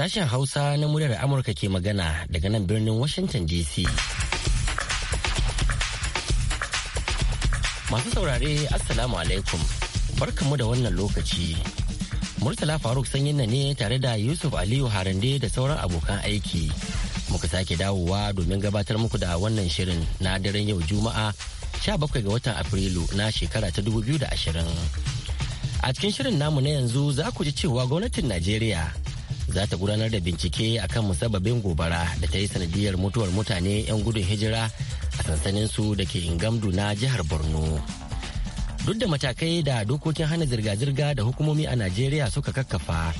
Sashen Hausa na muryar Amurka ke magana daga nan birnin Washington DC. Masu saurare Assalamu alaikum barkamu da wannan lokaci. Murtala Faruk sanyin na ne tare da Yusuf Aliyu Harande da sauran abokan aiki. Muka sake dawowa domin gabatar muku da wannan shirin na daren yau Juma'a 17 ga watan Afrilu na shekara ta 2020. A cikin shirin namu na yanzu za ku ji cewa gwamnatin Najeriya za ta gudanar da bincike a akan musababin gobara da ta yi sanadiyar mutuwar mutane 'yan gudun hijira a sansanin su da ke ingamdu na jihar borno duk da matakai da dokokin hana zirga-zirga da hukumomi a najeriya suka kakkafa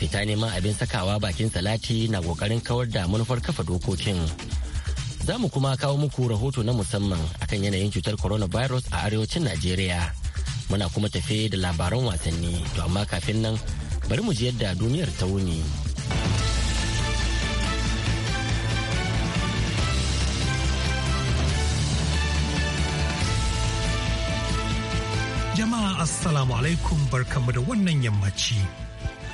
fita neman abin sakawa bakin salati na kokarin kawar da manufar kafa dokokin za mu kuma kawo muku rahoto na musamman akan yanayin cutar coronavirus a arewacin najeriya muna kuma tafe da labaran wasanni to amma kafin nan bari mu ji yadda duniyar ta wuni. Jama'a Assalamu alaikum barkamu da wannan yammaci.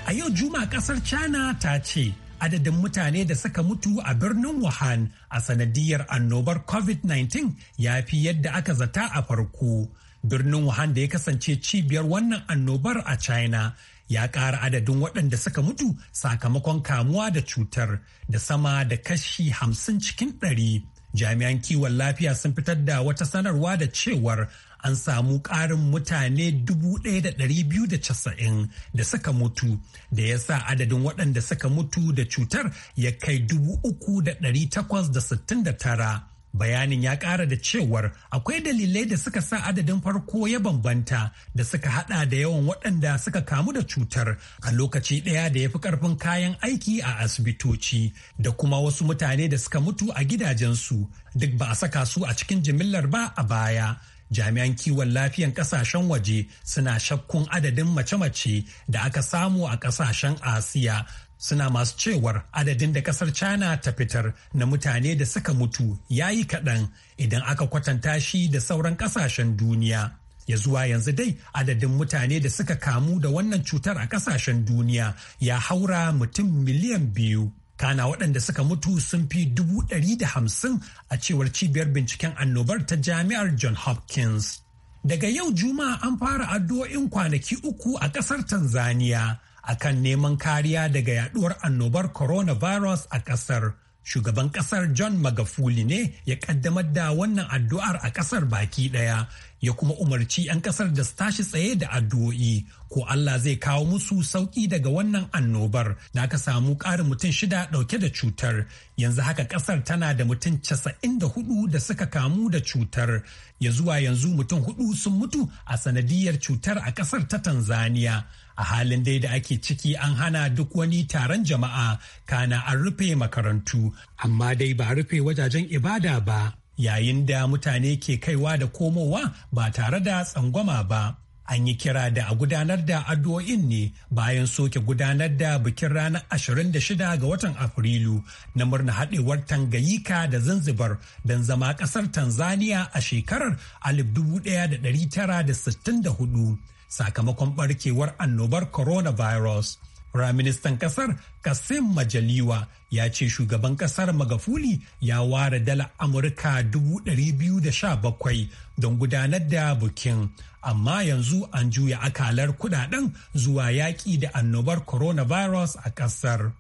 A yau Juma kasar China ta ce adadin mutane da suka mutu a birnin Wuhan a sanadiyar annobar COVID-19 ya fi yadda aka zata a farko. Birnin Wuhan da ya kasance cibiyar wannan annobar a China ya ƙara adadin waɗanda suka mutu sakamakon kamuwa da cutar da sama da kashi hamsin cikin ɗari. Jami'an kiwon lafiya sun fitar da wata sanarwa da cewar an samu ƙarin mutane dubu ɗaya da ɗari biyu da da casa'in suka mutu da ya sa adadin waɗanda suka mutu da cutar ya kai dubu uku da da da ɗari takwas sittin tara. Bayanin ya ƙara da cewar akwai dalilai da suka sa adadin farko ya bambanta da suka hada da yawan waɗanda suka kamu da cutar a lokaci ɗaya da ya fi ƙarfin kayan aiki a asibitoci da kuma wasu mutane da suka mutu a gidajensu duk ba a saka su a cikin jimillar ba a baya. jami'an kiwon lafiyan kasashen waje suna shakkun adadin mace-mace da aka samu a kasashen asiya suna masu cewar adadin da kasar china ta fitar na mutane da suka mutu ya yi kaɗan idan aka kwatanta shi da sauran ƙasashen duniya ya zuwa yanzu dai adadin mutane da suka kamu da wannan cutar a ƙasashen duniya ya haura mutum miliyan biyu kana waɗanda suka mutu sun fi dubu ɗari da hamsin a cewar cibiyar binciken annobar ta jami'ar john hopkins daga yau juma'a an fara addu'o'in kwanaki uku a ƙasar tanzania akan neman kariya daga yaduwar annobar coronavirus a kasar. Shugaban kasar John Magafuli ne ya kaddamar da wannan addu'ar a kasar baki daya ya kuma umarci 'yan kasar da su tashi tsaye da addu'o'i ko Allah zai kawo musu sauki daga wannan annobar da aka samu ƙarin mutum shida ɗauke da cutar yanzu haka ƙasar tana da mutum casa'in da hudu da suka kamu da cutar ya zuwa yanzu mutum hudu sun mutu a sanadiyar cutar a ƙasar ta Tanzania. a halin dai da ake ciki an hana duk wani taron jama'a kana an rufe makarantu amma dai ba rufe wajajen ibada ba yayin da mutane ke kaiwa da komowa ba tare da tsangwama ba an yi kira da a gudanar da addu'o'in ne bayan soke gudanar da bikin ranar 26 ga watan afrilu na murna haɗewar tangayika da zanzibar don zama ƙasar tanzania a shekarar 1964 sakamakon barkewar annobar coronavirus. Firaministan kasar Kasim Majaliwa ya ce shugaban kasar Magafuli ya ware dala Amurka 217 don gudanar da bukin, amma yanzu an juya akalar kudaden zuwa yaƙi da annobar coronavirus a kasar.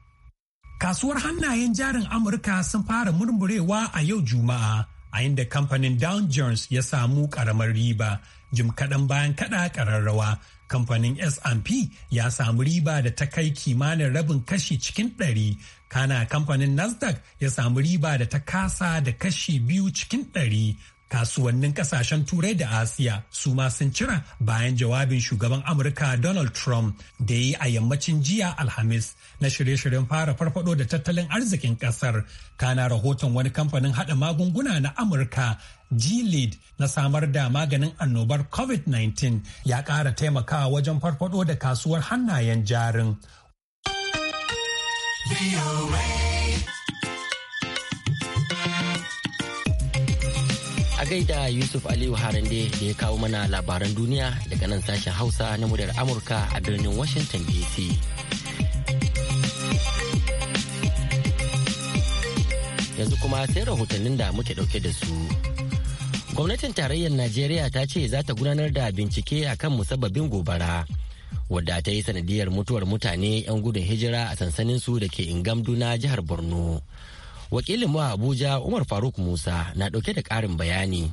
Kasuwar hannayen jarin Amurka sun fara murmurewa a yau Juma'a. a inda kamfanin Dow Jones ya samu ƙaramar riba jim kaɗan bayan kaɗa ƙararrawa kamfanin S&P ya samu riba da ta kai kimanin rabin kashi cikin ɗari kana kamfanin Nasdaq ya samu riba da ta kasa da kashi biyu cikin ɗari kasuwannin ƙasashen turai da asiya su ma sun cira bayan jawabin shugaban amurka donald trump da yi a yammacin jiya alhamis na shirye-shiryen fara farfado da tattalin arzikin kasar kana rahoton wani kamfanin hada magunguna na amurka g-lead na samar da maganin annobar covid-19 ya kara taimakawa wajen farfado da kasuwar hannayen jarin a gaida yusuf aliyu harande da ya kawo mana labaran duniya daga nan sashen hausa na muryar amurka a birnin washington dc yanzu kuma sai rahotannin da muke dauke da su gwamnatin tarayyar najeriya ta ce za ta gudanar da bincike akan musabbabin gobara wadda ta yi sanadiyar mutuwar mutane 'yan gudun hijira a sansanin su da ke ingamdu na jihar borno wakilin mu abuja umar faruk musa na dauke da karin bayani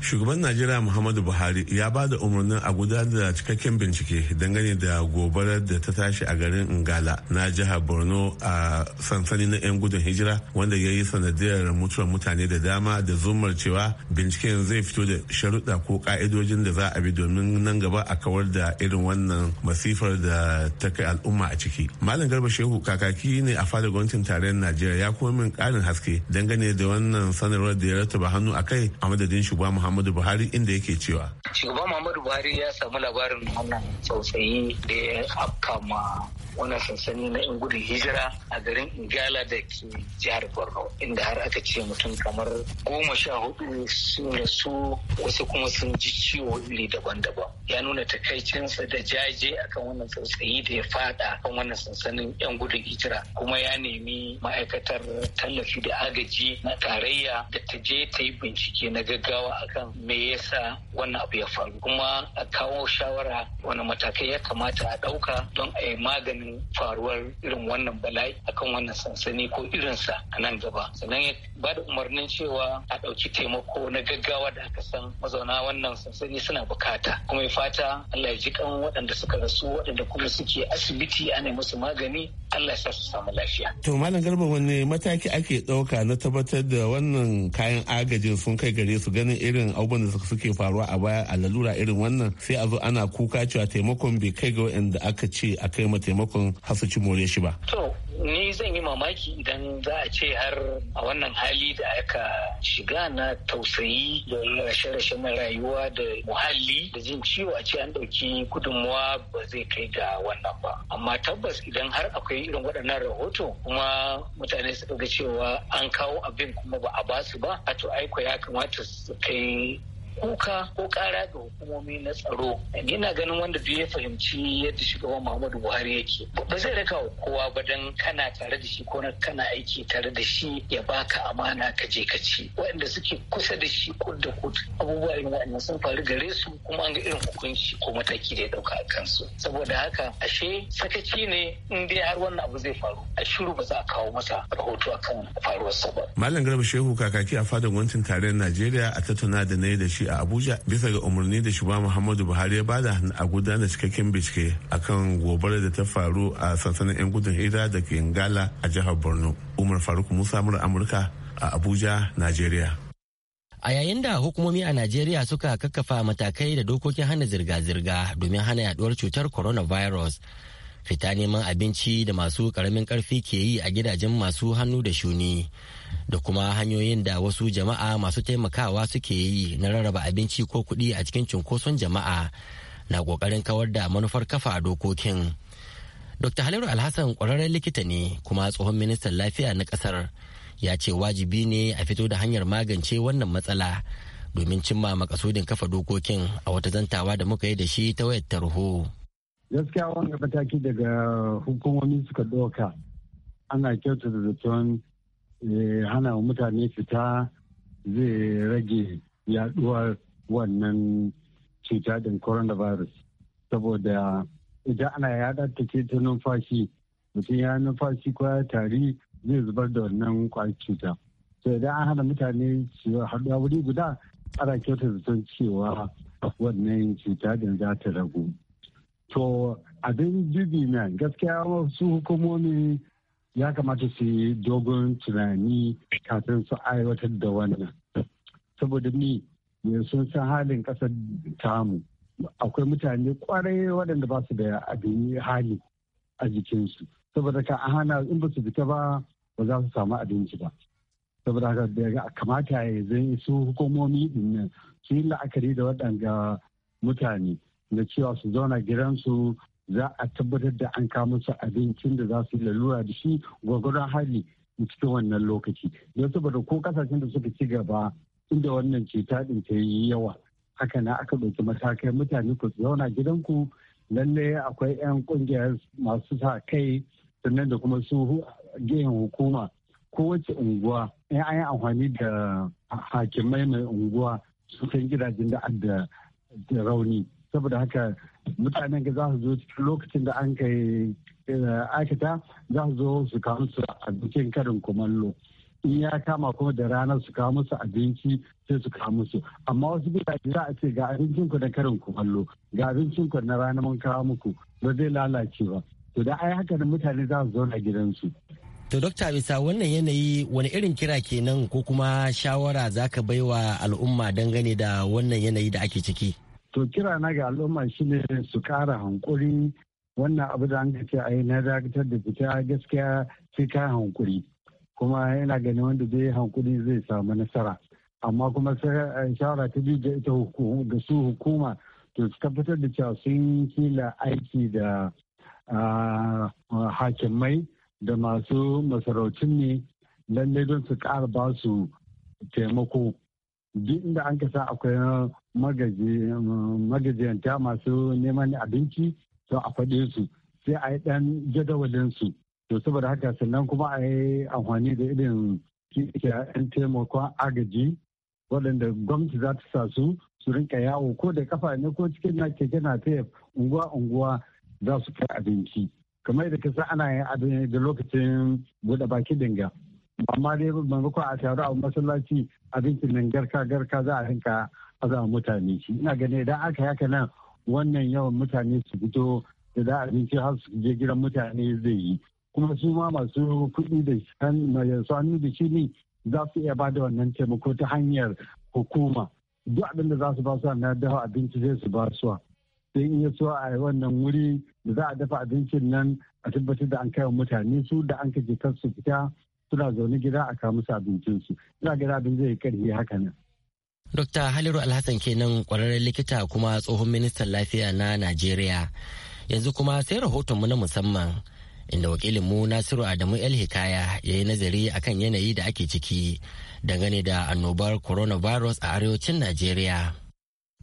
Shugaban Najeriya Muhammadu Buhari ya ba da umarnin a gudanar da cikakken bincike dangane da gobarar da ta tashi a garin Ngala na jihar Borno a sansani na 'yan gudun hijira wanda ya yi sanadiyar mutuwar mutane da dama da zumar cewa binciken zai fito da sharuɗa ko ka'idojin da za a bi domin nan gaba a kawar da irin wannan masifar da ta kai al'umma a ciki. Malam Garba Shehu kakaki ne a fadar gwamnatin tarayyar Najeriya ya kuma min ƙarin haske dangane da wannan sanarwar da ya rattaba hannu a kai a madadin shugaban Muhammadu Buhari inda yake cewa. Shugaba Muhammadu Buhari ya samu labarin wannan sausayi da ya afka ma wannan sansani na yan gudun hijira a garin ingala da ke jihar borno inda har aka ce mutum kamar goma sha hudu sun rasu wasu kuma sun ji ciwo iri daban-daban ya nuna takaicinsa da jaje akan wannan sansani da ya fada kan wannan sansanin yan gudun hijira kuma ya nemi ma'aikatar tallafi da agaji na tarayya da ta je ta yi bincike na gaggawa akan me yasa wannan abu ya faru kuma a kawo shawara wani matakai ya kamata a ɗauka don a yi maganin maganin faruwar irin wannan bala'i akan wannan sansani ko irinsa a nan gaba sannan ya ba da umarnin cewa a ɗauki taimako na gaggawa da aka san mazauna wannan sansani suna bukata kuma ya fata Allah ya ji kan waɗanda suka rasu waɗanda kuma suke asibiti ana musu magani Allah ya sa su samu lafiya. To Malam Garba wani mataki ake ɗauka na tabbatar da wannan kayan agajin sun kai gare su ganin irin abubuwan da suke faruwa a baya a lalura irin wannan sai a zo ana kuka cewa taimakon bai kai ga waɗanda aka ce a kai ma taimako maimakon hasu more shi ba. To ni zan yi mamaki idan za a ce har a wannan hali da aka shiga na tausayi da rashe-rashen rayuwa da muhalli da jin ciwo a ce an ɗauki gudunmuwa ba zai kai ga wannan ba. Amma tabbas idan har akwai irin waɗannan rahoto kuma mutane suka ga cewa an kawo abin kuma ba a basu ba, a to aiko ya kamata su kai kuka ko kara ga hukumomi na tsaro ni ganin wanda duk ya fahimci yadda shugaban muhammadu buhari yake ba zai raka kowa ba dan kana tare da shi ko kana aiki tare da shi ya baka amana ka je ka ci waɗanda suke kusa da shi ko da ko abubuwa irin waɗannan sun faru gare su kuma an ga irin hukunci ko mataki da ya ɗauka a kansu saboda haka ashe sakaci ne in dai har wannan abu zai faru a shiru ba za a kawo masa rahoto akan faruwar ba malam garba shehu kakaki a fadar gwamnatin tarayyar najeriya a tattauna da na yi da shi a abuja bisa ga umarni da shugaba muhammadu buhari ya bada a gudanar cikakken bincike akan gobarar da ta faru a sansanin 'yan gudun hira da ke a jihar borno umar faruk musa mura amurka a abuja Najeriya. a yayin da hukumomi a najeriya suka kakkafa matakai da dokokin hana zirga-zirga domin hana yaduwar cutar coronavirus fita neman abinci da masu karamin karfi ke yi a gidajen masu hannu da shuni da kuma hanyoyin da wasu jama'a masu taimakawa suke yi na rarraba abinci ko kuɗi a cikin cunkoson jama'a na ƙoƙarin kawar da manufar kafa dokokin. Dr. Haliru Alhassan ƙwararren likita ne kuma tsohon ministan lafiya na ƙasar ya ce wajibi ne a fito da hanyar magance wannan matsala domin cimma makasudin kafa dokokin a wata zantawa da muka yi da shi ta wayar tarho. Gaskiya wani mataki daga hukumomi suka doka ana kyautata da zaton Eh, hana mutane fita zai rage yaduwar wannan cuta din coronavirus saboda idan ana yada ke ta numfashi mutum ya numfashi ko ya tari zai zubar da wannan kwayar cuta to idan an hana mutane haɗuwa wuri guda ana kyauta zaton cewa wannan cuta din za ta ragu to abin dubi na gaskiya wasu hukumomi ya kamata su yi dogon tunani kafin su aiwatar da wannan saboda ni sun san halin kasar tamu akwai mutane kwarai waɗanda ba su da abin hali a jikinsu saboda ka a hana in ba su fita ba ba za su samu abinci ba saboda haka daga kamata ya zai su hukumomi din nan su yi la'akari da waɗanda mutane da cewa su zauna gidansu za a tabbatar da an kawo su abincin da za su yi lalura da shi gwagwaron hali cikin wannan lokaci don saboda ko kasashen da suka ci gaba inda wannan cuta din ta yi yawa haka na aka ɗauki matakai mutane ku zauna gidanku lalle akwai 'yan ƙungiyar masu sa kai sannan da kuma su gehen hukuma kowace unguwa in an yi amfani da hakimai mai unguwa su gidajen da da rauni saboda haka mutanen ga za su zo cikin lokacin da an kai eh, aikata za su zo su kawo a abincin karin kumallo in ya kama kuma da ranar su kawo musu abinci sai su kawo musu amma wasu gidaje za a ce ga abincin ku na karin kumallo ga abincin ku na rana mun kawo muku ba zai lalace ba to da ai haka mutane za su zo na gidansu To dokta bisa wannan yanayi wani irin kira kenan ko kuma shawara za ka baiwa al'umma dangane da wannan yanayi da ake ciki? to kira na ga al'umma shine su kara hankuri wannan abu da an ce a yi na dakatar da fita gaskiya sai ka hankuri kuma yana ganin wanda zai yi hankuri zai samu nasara amma kuma eh, shawara ta biyu da ita ga su hukuma to su tabbatar da cewa sun kila aiki da ah, hakimai da masu masarautun ne lallai don su ƙara ba su taimako duk inda an kasa akwai magajiyanta masu neman abinci to a faɗe su sai a yi ɗan jadawalin su to saboda haka sannan kuma a yi amfani da irin yan taimakon agaji waɗanda gwamnati za ta sa su su rinka yawo ko da kafa ne ko cikin na keke na taya unguwa unguwa za su kai abinci kamar yadda kasa ana yin abin da lokacin buɗe baki dinga ba dai maimakon a taru a masallaci abincin nan garka garka za a rinka aza mutane shi ina ganin idan aka haka nan wannan yawan mutane su fito da za abinci har su je gidan mutane zai yi kuma su ma masu kuɗi da su hannu da shi ne za su iya bada wannan taimako ta hanyar hukuma duk abin da za su ba su na dafa abinci zai su ba su sai in ya a wannan wuri da za a dafa abincin nan a tabbatar da an kai wa mutane su da an kaje kan su fita suna zaune gida a kawo musu abincinsu ina gida abin zai karfe haka nan. Dokta Haliru Alhassan kenan kwararren likita kuma tsohon ministan lafiya na Najeriya. Yanzu kuma sai rahotonmu na musamman inda wakilinmu Nasiru Adamu El Hikaya ya yi nazari akan yanayi da ake ciki dangane da annobar coronavirus a arewacin Najeriya.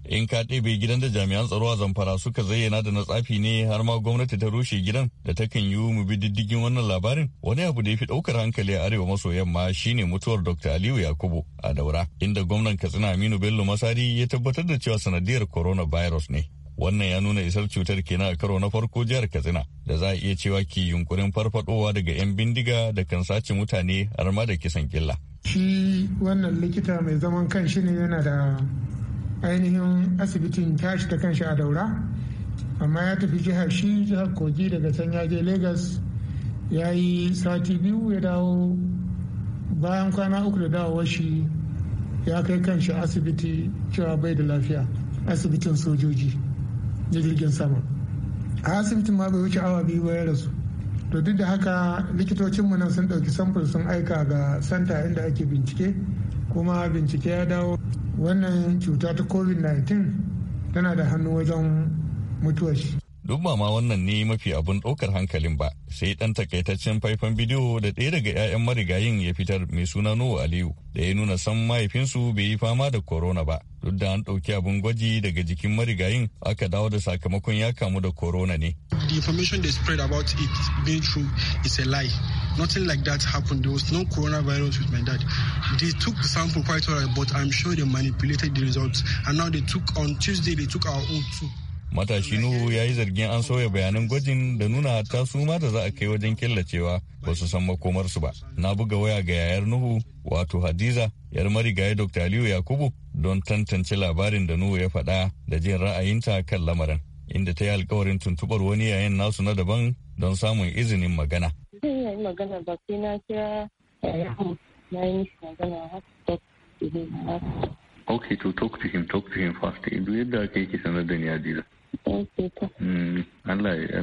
in ka ɗebe gidan da jami'an tsaro a zamfara suka zayyana da na tsafi ne har ma gwamnati ta rushe gidan da ta kan yi mu bi diddigin wannan labarin wani abu da ya fi ɗaukar hankali a arewa maso yamma shine mutuwar dr aliyu yakubu a daura inda gwamnan katsina aminu bello masari ya tabbatar da cewa sanadiyar coronavirus ne wannan ya nuna isar cutar kenan a karo na farko jihar katsina da za a iya cewa ke yunkurin farfadowa daga 'yan bindiga da kan sace mutane har ma da kisan killa shi wannan likita mai zaman kan shi ne yana da ainihin asibitin tashi ta kanshi a daura amma ya tafi jihar shi jihar kogi daga can ya je lagos ya yi sati biyu ya dawo bayan kwana uku da dawowa shi ya kai kanshi asibiti cewa bai da lafiya asibitin sojoji na jirgin sama a asibitin ma bai wuce awa biyu ba ya rasu to duk da haka likitocinmu nan sun ɗauki samfur sun aika ga santa inda ake bincike kuma bincike ya dawo wannan cuta ta covid-19 tana da hannu wajen mutuwar shi duk ba ma wannan ne mafi abun ɗaukar hankalin ba sai ɗan takaitaccen faifan bidiyo da ɗaya daga 'ya'yan marigayin ya fitar mai suna nuhu aliyu da ya nuna san mahaifinsu bai yi fama da corona ba duk da an ɗauki abun gwaji daga jikin marigayin aka dawo da sakamakon ya kamu da corona ne. The information they spread about it being true is a lie. Nothing like that happened. There was no coronavirus with my dad. They took the sample quite well, but I'm sure they manipulated the results. And now they took on Tuesday they took our own too. matashi nuhu ya yi zargin an sauya bayanan gwajin da nuna ta su da za a kai wajen killacewa ba su san makomarsu ba na buga waya ga yayar nuhu wato hadiza yar marigaye dr aliyu yakubu don tantance labarin da nuhu ya faɗa da jin ra'ayinta kan lamarin inda ta yi alkawarin tuntubar wani yayin nasu na daban don samun izinin magana. magana ba sai na kira na yi magana Okay, to talk to him, talk to him fast. Duk yadda ake yi sanar da ni Hadiza. Mm, Allah ya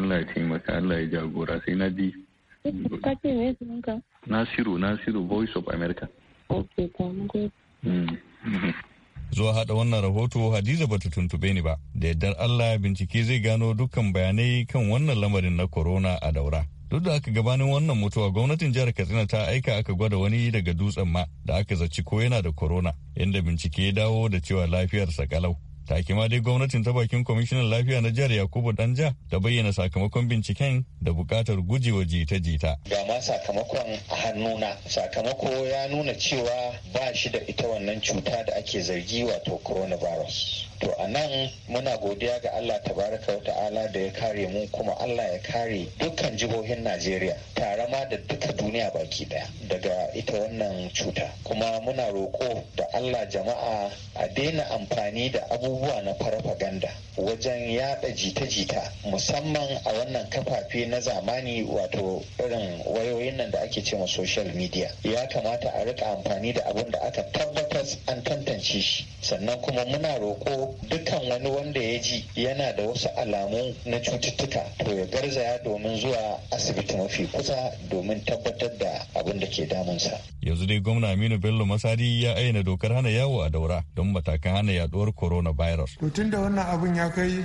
Zuwa mm. haɗa wannan rahoto Hadiza bata tuntube ni ba, da yadda Allah bincike zai gano dukkan bayanai kan wannan lamarin na corona a daura. duk da aka gabanin wannan mutuwa gwamnatin jihar katsina ta aika aka gwada wani daga dutsen ma da aka zaci ko yana da corona inda bincike ya dawo da cewa lafiyarsa kalau take ma dai gwamnatin ta bakin kwamishinan lafiya na jihar yakubu danja ta bayyana sakamakon binciken da bukatar gujewa jita-jita ga ma sakamakon a hannuna sakamako ya nuna cewa ba shi da ita wannan cuta da ake zargi wato coronavirus to a nan muna godiya ga allah tabaraka wa ta'ala da ya kare mu kuma allah ya kare dukkan jihohin najeriya tare ma da duka duniya baki daya daga ita wannan cuta kuma muna roko da allah jama'a a daina amfani da abubuwa na farfaganda wajen yada jita-jita musamman a wannan kafafe na zamani wato irin wayoyin nan da ake ce ma social media ya kamata a rika amfani da abin da aka tabbatar an tantance shi sannan kuma muna roko dukkan wani wanda ya ji yana da wasu alamu na cututtuka to ya garzaya domin zuwa asibiti mafi kusa domin tabbatar da abin da ke damunsa. Yanzu dai gwamna Aminu Bello masadi ya aina dokar hana yawo a daura don matakan hana yaduwar coronavirus. To tun da wannan abin ya kai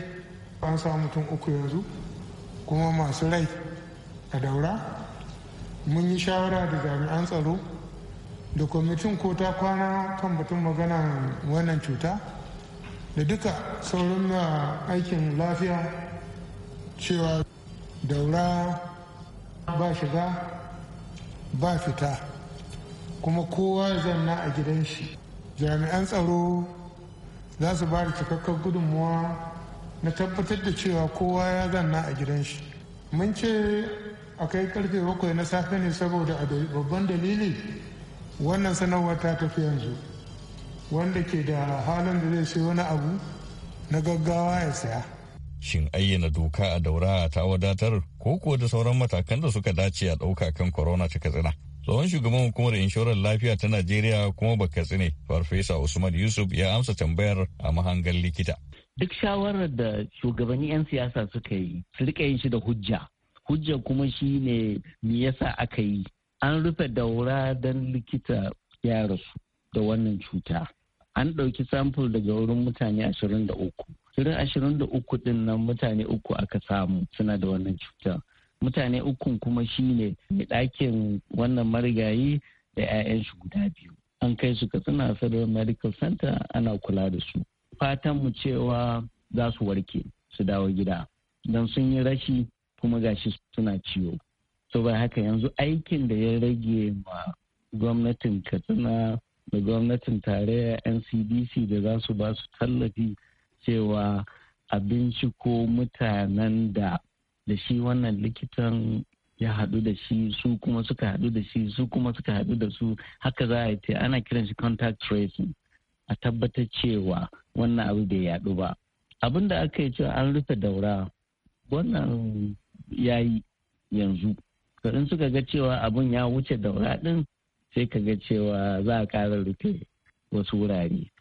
an samu mutum uku yanzu kuma masu rai a daura mun yi shawara da jami'an tsaro da kwamitin ko ta kwana kan batun magana wannan cuta da duka sauran aikin lafiya cewa daura ba shiga ba fita kuma kowa ya zanna a gidan shi jami'an tsaro za su ba da cikakkar gudunmuwa na tabbatar da cewa kowa ya zanna a gidan shi mun ce a kai karfe bakwai na safe ne saboda a babban dalili wannan sanarwar ta tafi yanzu wanda ke da halin da zai sai wani abu na gaggawa ya saya. Shin ayyana doka a daura ta wadatar ko kuwa da sauran matakan da suka dace a ɗauka kan corona ta katsina? Tsohon shugaban hukumar inshorar lafiya ta Najeriya kuma ba ne. Farfesa Usman Yusuf ya amsa tambayar a mahangar likita. Duk shawarar da shugabanni 'yan siyasa suka yi, su rika yin shi da hujja. Hujja kuma shi ne me yasa aka yi. An rufe daura don likita ya rasu da wannan cuta. an ɗauki samfur daga wurin mutane ashirin da uku ashirin da uku ɗin nan mutane uku aka samu suna da wannan cuta mutane ukun kuma shi ne mai ɗakin wannan marigayi da 'ya'yan shi guda biyu an kai su katsina sadar medical center ana kula da su fatan mu cewa za su warke su dawo gida don sun yi rashi kuma gashi suna ciwo ba haka yanzu aikin da ya rage ma gwamnatin katsina da gwamnatin tarayya ncdc da za su ba su tallafi cewa abinci ko mutanen da da shi wannan likitan ya haɗu da shi su kuma suka haɗu da shi su kuma suka haɗu da su haka za a yi ana kiran shi contact tracing a tabbatar cewa wannan abu bai yaɗu ba abin da aka yi cewa an rufe daura wannan ya yi yanzu in suka ga cewa abin ya wuce daura ɗin sai ka ga cewa za a kara rufe wasu wurare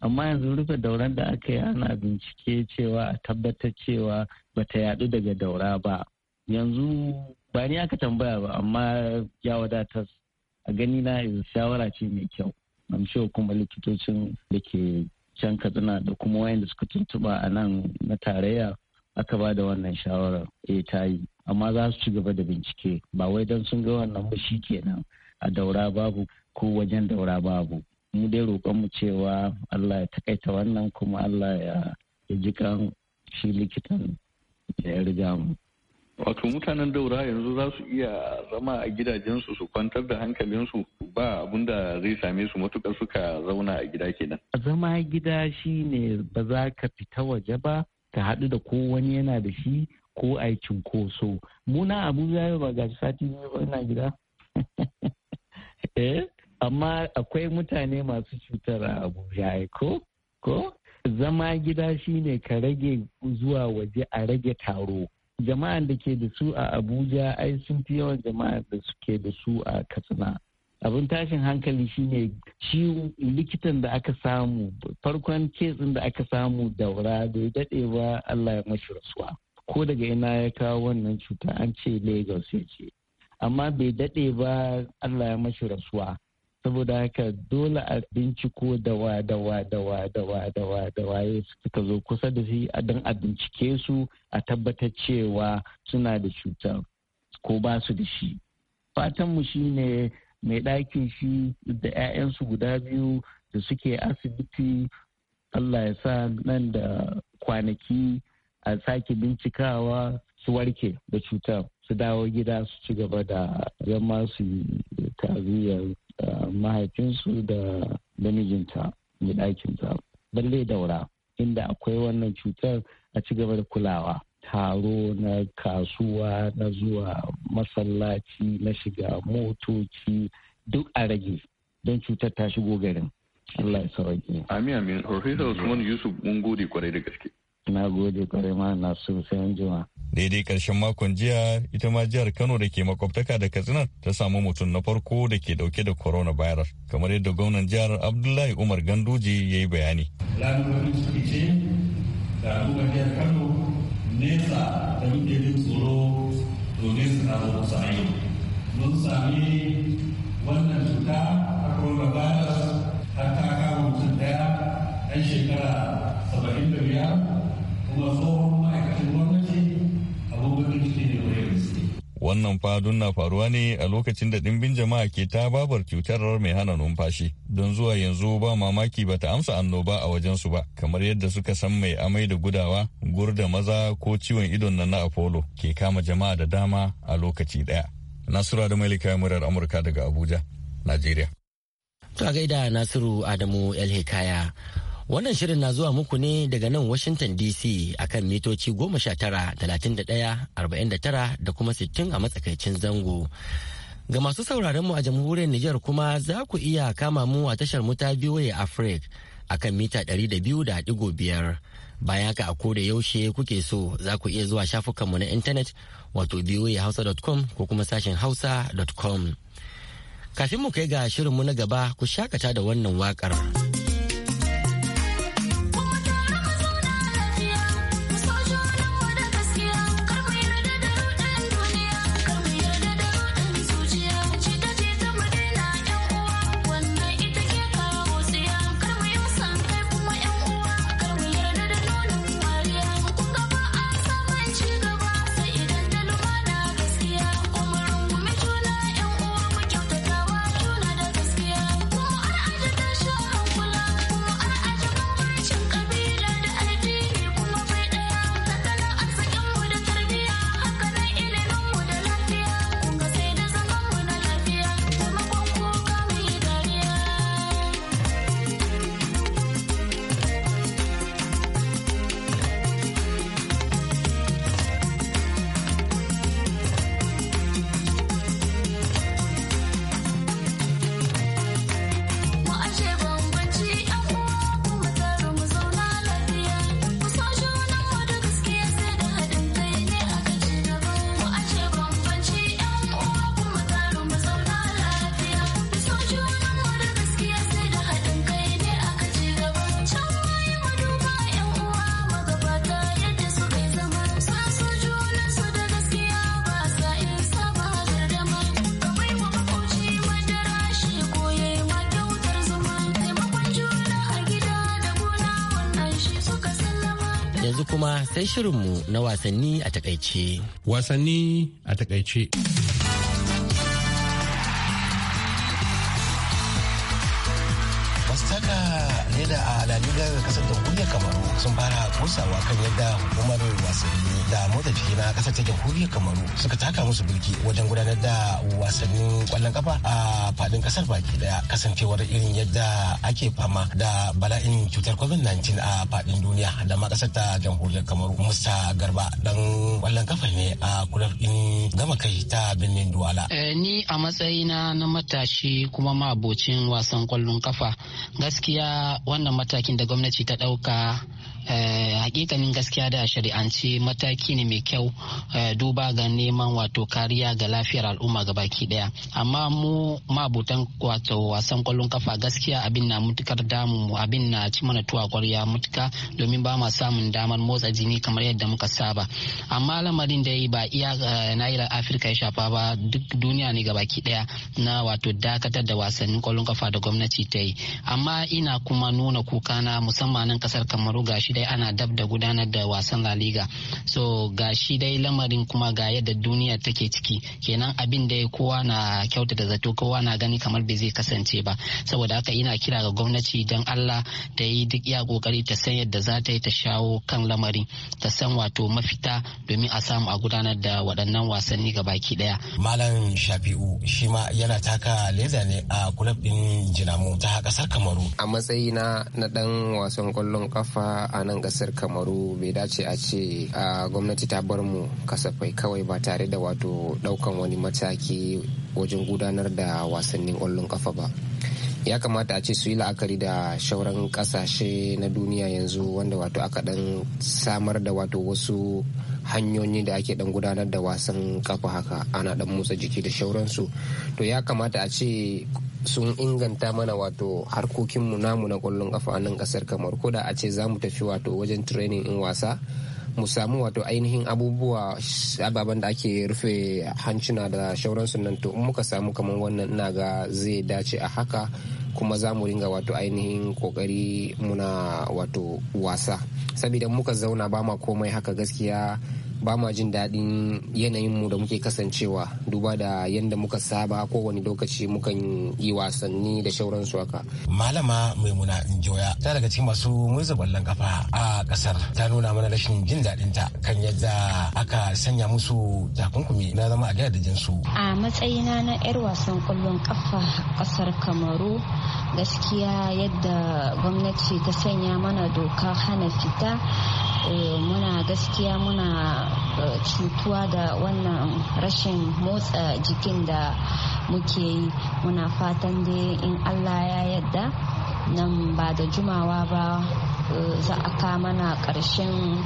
amma yanzu rufe dauran da aka yi ana bincike cewa a tabbatar cewa bata yadu daga daura ba yanzu ba ni aka tambaya ba amma ya wadatar a gani na shawara ce mai kyau amshe kuma likitocin da ke can katsina da kuma wayanda suka tuntuba a nan na tarayya aka ba da wannan shawarar eh ta yi amma za su ci gaba da bincike ba wai don sun ga wannan ba shi kenan a daura babu ko wajen daura babu mu dai roƙonmu cewa allah ya takaita wannan kuma allah ya ji kan shi likitan da ya riga mu wato mutanen daura yanzu za su iya zama a gidajensu su kwantar da hankalinsu ba abunda zai same su matukar suka zauna a gida kenan. zama gida shi ne ba za ka fita waje ba ka haɗu da ko wani yana da shi ko aikin koso so. muna abuja yau ba ga sati ba ina gida eh amma akwai mutane masu cutar a abuja ko ko zama gida shine ka rage zuwa waje a rage taro jama'an da ke da su a abuja ai sun fi yawan jama'an da suke da su a katsina abin tashin hankali shine ne likitan da aka samu farkon kesin da aka samu daura bai daɗe ba allah ya mashi rasuwa ko daga ina ya kawo wannan cuta an ce lagos ya ce amma bai daɗe ba Allah ya mashi rasuwa saboda haka dole a binciko da wa da wa da wa da wa da wa da suka zo kusa da shi don a bincike su a tabbatar cewa suna da cutar ko ba su da shi fatan fatanmu shine mai ɗakin shi da 'ya'yansu guda biyu da suke asibiti Allah ya sa nan da kwanaki a sake bincikawa su warke da cutar su dawo gida su ci gaba da zama su tarbiyyar eh, mahaifinsu da namijinta mai ɗakinta balle daura inda akwai wannan cutar a ci gaba da kulawa taro na kasuwa na zuwa masallaci na shiga motoci duk a rage don cutar ta shigo garin Allah ya sauke. Amin amin. Professor Usman Yusuf mun gode kwarai da gaske. na gode kwarai ma na su sayan juma daidai ƙarshen makon jiya ita ma jihar kano da ke makwabtaka da katsina ta samu mutum na farko da ke dauke da coronavirus kamar yadda gwamnan jihar abdullahi umar ganduji ya yi bayani lamurin ciki ce da al'ummar jihar kano nesa da muke jin tsoro to nesa na zo kusa a yau mun sami wannan cuta a coronavirus har ta kama mutum daya ɗan shekara saba'in da biyar Wannan fadun na faruwa ne a lokacin da ɗimbin jama'a ke ta babar cutar mai hana numfashi. Don zuwa yanzu ba mamaki ba ta amsa annoba a wajensu ba, kamar yadda suka san mai amai da gudawa, gurda maza ko ciwon idon nan na Apollo ke kama jama'a da dama a lokaci ɗaya. nasiru da Malika murar Amurka daga Abuja, Najeriya. To gaida Nasiru Adamu El Hikaya. Wannan shirin na zuwa muku ne daga nan Washington DC akan mitoci 19-31-49 da kuma 60 a matsakaicin zango. Ga masu sauraron mu a jamhuriyar Nijar kuma za ku iya kama mu a tashar muta Afirka a akan mita 200.5. Bayan haka a kore yaushe kuke so za ku iya zuwa shafukanmu na intanet wato voahausa.com ko kuma sashen hausa.com. Kafin mu kai ga shirinmu na gaba ku shakata da wannan waƙar. yanzu kuma sai shirinmu na wasanni a takaice. Wasanni a takaice. Wasu taka da a laligar kasar jamhuriyar Kamaru sun fara musawa kan yadda hukumar wasanni da motsa jiki na kasar ta jamhuriyar kamaru suka taka musu birki wajen gudanar da wasannin kwallon kafa a fadin kasar baki daya kasancewar irin yadda ake fama da bala'in cutar covid-19 a fadin duniya da ma kasar ta jamhuriyar kamaru musta garba dan kwallon kafa ne a kudar din gama kai ta birnin duwala. Eh, ni a matsayina na matashi kuma ma abocin wasan kwallon kafa gaskiya wannan matakin da gwamnati ta dauka Eh, hakikanin gaskiya da shari'ance mataki ne mai kyau eh, duba ga neman wato kariya ga lafiyar al'umma ga baki daya amma mu mabutan wato wasan kwallon kafa gaskiya abin na mutukar damu abin na ci mana tuwa kwarya mutuka domin ba ma samun damar motsa jini kamar yadda muka saba amma lamarin da yi ba iya eh, nahiyar afirka ya shafa ba duk duniya ne ga baki daya na wato dakatar da wasannin kwallon kafa da gwamnati ta yi amma ina kuma nuna kuka na musamman nan kasar kamaru gashi dai ana dab da gudanar da wasan La Liga so ga shi dai lamarin kuma ga yadda duniya take ciki kenan abin da kowa na kyautata zato kowa na gani kamar bai zai kasance ba saboda haka ina kira ga gwamnati don Allah ta yi duk iya kokari ta san yadda za ta yi ta shawo kan lamarin ta san wato mafita domin a samu a gudanar da waɗannan wasanni ga baki ɗaya. Malam Shafi'u shi ma yana taka leda ne a kulab ɗin Jinamu ta ƙasar Kamaru. A matsayina na ɗan wasan kwallon kafa. a nan gasar kamaru bai dace a ce gwamnati ta bar mu kasafai kawai ba tare da wato daukan wani mataki wajen gudanar da wasannin kwallon kafa ba ya kamata a ce su yi la'akari da shauran kasashe na duniya yanzu wanda wato aka dan samar da wato wasu hanyoyin da ake dan gudanar da wasan kafa haka ana dan motsa jiki da shauransu to ya kamata a ce sun inganta mana wato harkokinmu namu na kwallon kafa a nan kasar kamar ko da a ce za mu tafi wato wajen training in wasa mu samu wato ainihin abubuwa ababen da ake rufe hancuna da shauransu nan to in muka samu kamar wannan ina ga zai dace a haka kuma za mu ringa wato ainihin kokari muna wato wasa saboda muka zauna ba ma komai haka gaskiya ba ma jin daɗin yanayin mu da muke kasancewa duba da yadda muka saba kowane lokaci mukan yi wasanni da shauransu haka. Malama Maimuna Injoya ta daga cikin masu murza ballon kafa a ƙasar ta nuna mana rashin jin daɗin ta kan yadda aka sanya musu takunkumi na zama a gidajen su. A matsayina na 'yar wasan kwallon kafa ƙasar Kamaru gaskiya yadda gwamnati ta sanya mana doka hana fita Eh, muna gaskiya muna eh, cutuwa da wannan rashin motsa jikin da muke yi muna fatan dai in allah ya yadda nan ba da jimawa ba eh, za a kama mana karshen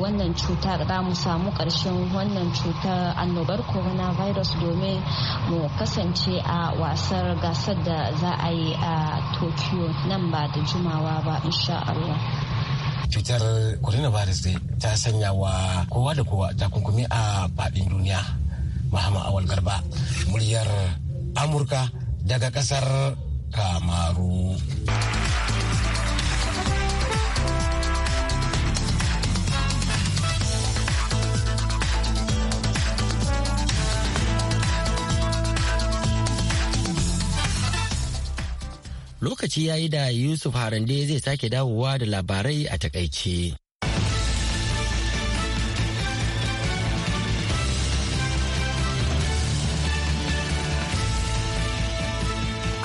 wannan cuta da mu samu karshen wannan cuta annobar corona virus domin mu kasance a wasar gasar da za a yi a tokyo nan ba da jimawa ba insha Allah. cutar coronavirus dai ta sanya wa kowa da kowa takunkumi a faɗin duniya mahama awal garba muryar amurka daga ƙasar kamaru lokaci ya yi da Yusuf Harande zai sake dawowa da labarai a takaice.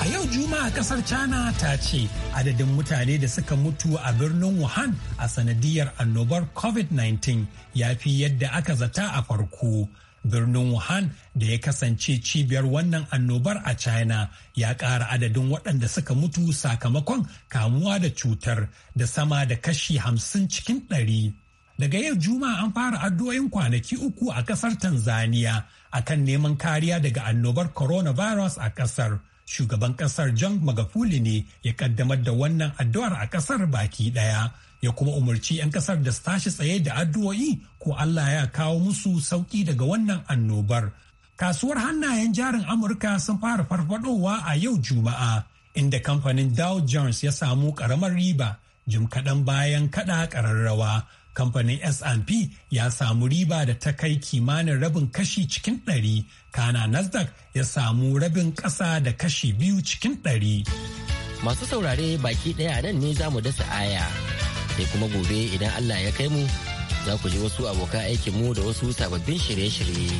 A yau Juma'a kasar China ta ce adadin mutane da suka mutu a birnin Wuhan a sanadiyar annobar COVID-19 ya fi yadda aka zata a farko. birnin Wuhan da ya kasance cibiyar wannan annobar a China ya ƙara adadin waɗanda suka mutu sakamakon kamuwa da cutar da sama da kashi hamsin cikin ɗari. Daga yau Juma'a an fara addu'o'in kwanaki uku a kasar Tanzania akan neman kariya daga annobar coronavirus a kasar. Shugaban kasar John Magafuli ne ya kaddamar da wannan addu'ar a kasar baki daya. Ya kuma umarci 'yan kasar da su tashi tsaye da addu'o'i ko Allah ya kawo musu sauki daga wannan annobar. Kasuwar hannayen jarin Amurka sun fara farfadowa a yau Juma'a, inda kamfanin Dow Jones ya samu ƙaramar riba jim kaɗan bayan kaɗa ƙararrawa kamfanin S&P ya samu riba da ta kai kimanin rabin kashi cikin ɗari, kana Nasdaq ya samu rabin ƙasa da kashi biyu cikin ɗari. Masu saurare baki ɗaya nan ne za mu dasa aya, sai kuma gobe idan Allah ya kai mu za ku ji wasu abokan aikin mu da wasu sababbin shirye-shirye.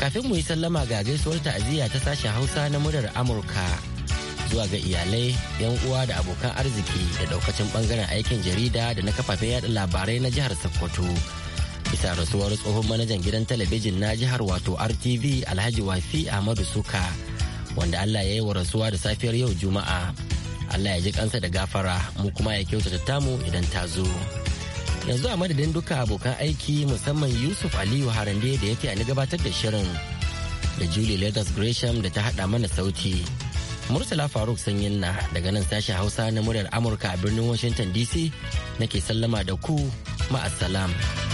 Kafin mu yi sallama ga gaisuwar ta'aziyya ta sashen Hausa na murar Amurka. zuwa ga iyalai yan uwa da abokan arziki da daukacin bangaren aikin jarida da na kafafen yada labarai na jihar sokoto bisa rasuwar tsohon manajan gidan talabijin na jihar wato rtv alhaji wafi ahmadu suka wanda allah ya yi wa rasuwa da safiyar yau juma'a allah ya ji kansa da gafara mu kuma ya kyautata tamu idan ta zo yanzu a madadin duka abokan aiki musamman yusuf aliyu harande da yake a gabatar da shirin da julie letters gresham da ta hada mana sauti Murtala Faruk Sanyin na daga nan sashi Hausa na muryar Amurka a birnin Washington DC nake sallama da ku ma'asalam.